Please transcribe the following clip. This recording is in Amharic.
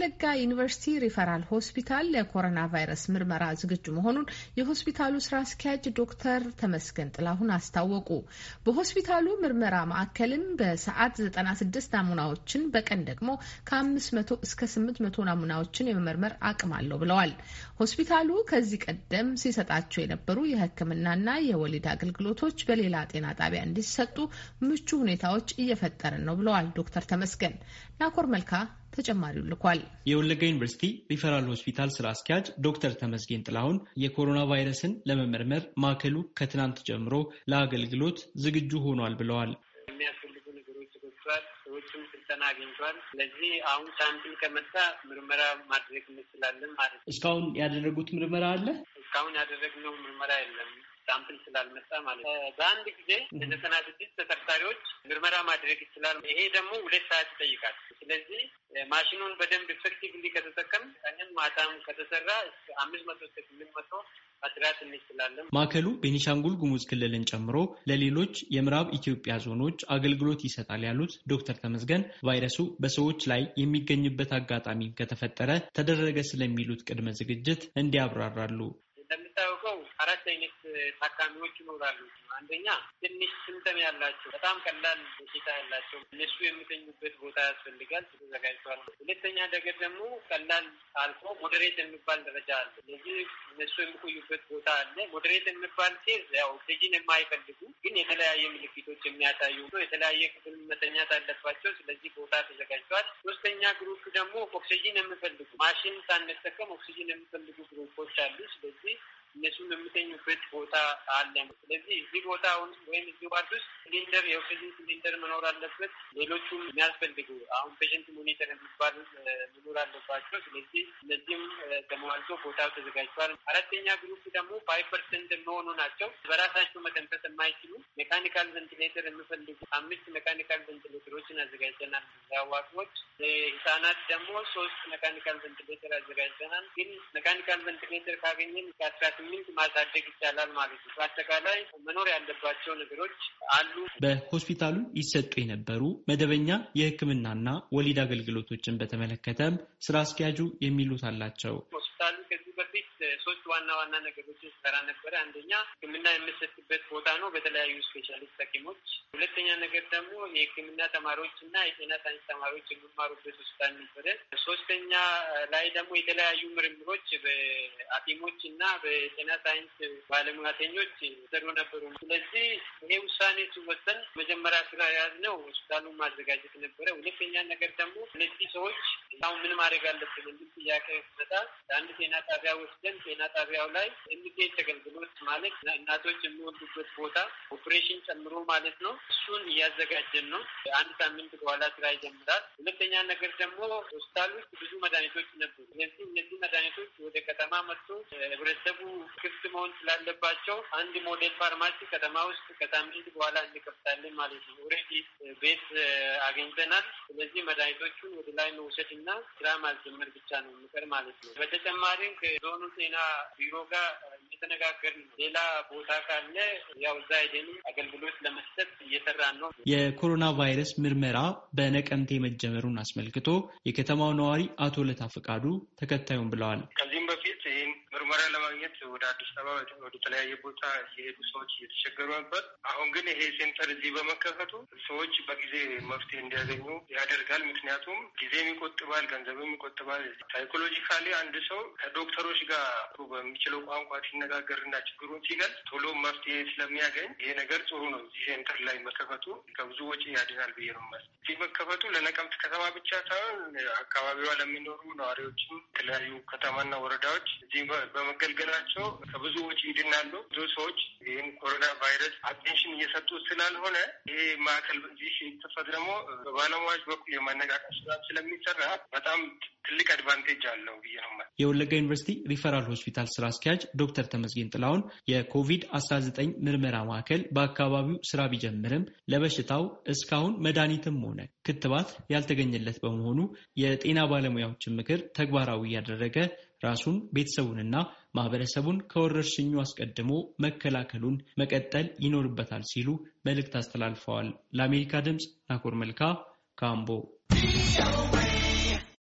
ለጋ ዩኒቨርሲቲ ሪፈራል ሆስፒታል ለኮሮና ቫይረስ ምርመራ ዝግጁ መሆኑን የሆስፒታሉ ስራ አስኪያጅ ዶክተር ተመስገን ጥላሁን አስታወቁ። በሆስፒታሉ ምርመራ ማዕከልም በሰዓት 96 ናሙናዎችን በቀን ደግሞ ከ500 እስከ 800 ናሙናዎችን የመመርመር አቅም አለው ብለዋል። ሆስፒታሉ ከዚህ ቀደም ሲሰጣቸው የነበሩ የሕክምናና የወሊድ አገልግሎቶች በሌላ ጤና ጣቢያ እንዲሰጡ ምቹ ሁኔታዎች እየፈጠርን ነው ብለዋል ዶክተር ተመስገን ናኮር መልካ ተጨማሪው ልኳል። የወለጋ ዩኒቨርሲቲ ሪፈራል ሆስፒታል ስራ አስኪያጅ ዶክተር ተመስገን ጥላሁን የኮሮና ቫይረስን ለመመርመር ማዕከሉ ከትናንት ጀምሮ ለአገልግሎት ዝግጁ ሆኗል ብለዋል። የሚያስፈልጉ ነገሮች ተገዝቷል። ሰዎችም ስልጠና አግኝቷል። ስለዚህ አሁን ሳምፕል ከመጣ ምርመራ ማድረግ እንችላለን ማለት ነው። እስካሁን ያደረጉት ምርመራ አለ? እስካሁን ያደረግነው ምርመራ የለም። ሳምፕል ስላልመጣ ማለት ነው። በአንድ ጊዜ ለዘጠና ስድስት ተጠርጣሪዎች ምርመራ ማድረግ ይችላል። ይሄ ደግሞ ሁለት ሰዓት ይጠይቃል። ስለዚህ ማሽኑን በደንብ ኢፌክቲቭሊ ከተጠቀም ቀንም ማታም ከተሰራ እስከ አምስት መቶ እስከ ስምንት መቶ መስራት እንችላለን። ማዕከሉ ቤኒሻንጉል ጉሙዝ ክልልን ጨምሮ ለሌሎች የምዕራብ ኢትዮጵያ ዞኖች አገልግሎት ይሰጣል ያሉት ዶክተር ተመስገን ቫይረሱ በሰዎች ላይ የሚገኝበት አጋጣሚ ከተፈጠረ ተደረገ ስለሚሉት ቅድመ ዝግጅት እንዲያብራራሉ። አራት አይነት ታካሚዎች ይኖራሉ። አንደኛ ትንሽ ስምተም ያላቸው በጣም ቀላል በሽታ ያላቸው እነሱ የሚተኙበት ቦታ ያስፈልጋል፣ ተዘጋጅቷል። ሁለተኛ ነገር ደግሞ ቀላል አልፎ ሞዴሬት የሚባል ደረጃ አለ። ስለዚህ እነሱ የሚቆዩበት ቦታ አለ። ሞደሬት የሚባል ኬዝ ያው ኦክሲጂን የማይፈልጉ ግን የተለያየ ምልክቶች የሚያሳዩ የተለያየ ክፍል መተኛት አለባቸው። ስለዚህ ቦታ ተዘጋጅቷል። ሶስተኛ ግሩፕ ደግሞ ኦክሲጂን የሚፈልጉ ማሽን ሳንጠቀም ኦክሲጂን የሚፈልጉ ግሩፖች አሉ። ስለዚህ ቦታ አለ። ስለዚህ እዚህ ቦታ ወይም እዚህ ዋርድ ውስጥ ሲሊንደር የኦክሲጅን ሲሊንደር መኖር አለበት። ሌሎቹም የሚያስፈልጉ አሁን ፔሽንት ሞኒተር የሚባል መኖር አለባቸው። ስለዚህ እነዚህም ተሟልቶ ቦታው ተዘጋጅቷል። አራተኛ ግሩፕ ደግሞ ፋይቭ ፐርሰንት የሚሆኑ ናቸው። በራሳቸው መተንፈስ የማይችሉ ሜካኒካል ቬንቲሌተር የሚፈልጉ አምስት ሜካኒካል ቬንቲሌተሮችን አዘጋጅተናል። ለአዋቂዎች ህጻናት ደግሞ ሶስት ሜካኒካል ቬንቲሌተር አዘጋጅተናል። ግን ሜካኒካል ቬንቲሌተር ካገኘን ከአስራ ስምንት ማሳደግ ይቻላል ማለት ነው። በአጠቃላይ መኖር ያለባቸው ነገሮች አሉ። በሆስፒታሉ ይሰጡ የነበሩ መደበኛ የህክምናና ወሊድ አገልግሎቶችን በተመለከተም ስራ አስኪያጁ የሚሉት አላቸው። ሆስፒታሉ ዋና ዋና ነገሮች ሰራ ነበረ። አንደኛ ሕክምና የምሰጥበት ቦታ ነው በተለያዩ ስፔሻሊስት ሐኪሞች። ሁለተኛ ነገር ደግሞ የሕክምና ተማሪዎች እና የጤና ሳይንስ ተማሪዎች የሚማሩበት ሆስፒታል ነበረ። ሶስተኛ ላይ ደግሞ የተለያዩ ምርምሮች በሐኪሞች እና በጤና ሳይንስ ባለሙያተኞች ሰሩ ነበሩ። ስለዚህ ይሄ ውሳኔ ሲወሰን መጀመሪያ ስራ የያዝነው ሆስፒታሉን ማዘጋጀት ነበረ። ሁለተኛ ነገር ደግሞ እነዚህ ሰዎች አሁን ምን ማድረግ አለብን የሚል ጥያቄ ይመጣል። አንድ ጤና ጣቢያ ወስደን ጤና ጣቢያው ላይ የሚገኝ አገልግሎት ማለት እናቶች የሚወልዱበት ቦታ ኦፕሬሽን ጨምሮ ማለት ነው። እሱን እያዘጋጀን ነው። አንድ ሳምንት በኋላ ስራ ይጀምራል። ሁለተኛ ነገር ደግሞ ሆስፒታል ውስጥ ብዙ መድኃኒቶች ነበሩ። ስለዚህ ከተማ መጥቶ ህብረተሰቡ ክፍት መሆን ስላለባቸው አንድ ሞዴል ፋርማሲ ከተማ ውስጥ ከሳምንት በኋላ እንከፍታለን ማለት ነው። ኦልሬዲ ቤት አግኝተናል። ስለዚህ መድኃኒቶቹን ወደ ላይ መውሰድ እና ስራ ማልጀመር ብቻ ነው የሚቀር ማለት ነው። በተጨማሪም ከዞኑ ጤና ቢሮ ጋር እየተነጋገርን ሌላ ቦታ ካለ ያው እዛ ሄደን አገልግሎት ለመስጠት እየሰራን ነው። የኮሮና ቫይረስ ምርመራ በነቀምቴ መጀመሩን አስመልክቶ የከተማው ነዋሪ አቶ ለታ ፈቃዱ ተከታዩን ብለዋል። ከዚህም whatever በፊት ወደ አዲስ አበባ ወደ ተለያየ ቦታ እየሄዱ ሰዎች እየተቸገሩ ነበር። አሁን ግን ይሄ ሴንተር እዚህ በመከፈቱ ሰዎች በጊዜ መፍትሄ እንዲያገኙ ያደርጋል። ምክንያቱም ጊዜም ይቆጥባል፣ ገንዘብም ይቆጥባል። ሳይኮሎጂካሊ አንድ ሰው ከዶክተሮች ጋር በሚችለው ቋንቋ ሲነጋገርና ችግሩን ሲገልጽ ቶሎ መፍትሄ ስለሚያገኝ ይሄ ነገር ጥሩ ነው። እዚህ ሴንተር ላይ መከፈቱ ከብዙ ወጪ ያድናል ብዬ ነው መስ እዚህ መከፈቱ ለነቀምት ከተማ ብቻ ሳይሆን አካባቢዋ ለሚኖሩ ነዋሪዎችም የተለያዩ ከተማና ወረዳዎች እዚህ በመገልገላ ናቸው። ከብዙዎች ይድናሉ። ብዙ ሰዎች ይህም ኮሮና ቫይረስ አቴንሽን እየሰጡ ስላልሆነ ይሄ ማዕከል እዚህ የተፈት ደግሞ በባለሙያዎች በኩል የማነቃቀር ስራ ስለሚሰራ በጣም ትልቅ አድቫንቴጅ አለው ብዬ ነው። የወለጋ ዩኒቨርሲቲ ሪፈራል ሆስፒታል ስራ አስኪያጅ ዶክተር ተመስገን ጥላውን የኮቪድ አስራ ዘጠኝ ምርመራ ማዕከል በአካባቢው ስራ ቢጀምርም ለበሽታው እስካሁን መድኃኒትም ሆነ ክትባት ያልተገኘለት በመሆኑ የጤና ባለሙያዎችን ምክር ተግባራዊ እያደረገ ራሱን ቤተሰቡንና ማህበረሰቡን ከወረርሽኙ አስቀድሞ መከላከሉን መቀጠል ይኖርበታል ሲሉ መልእክት አስተላልፈዋል። ለአሜሪካ ድምፅ ናኮር መልካ ካምቦ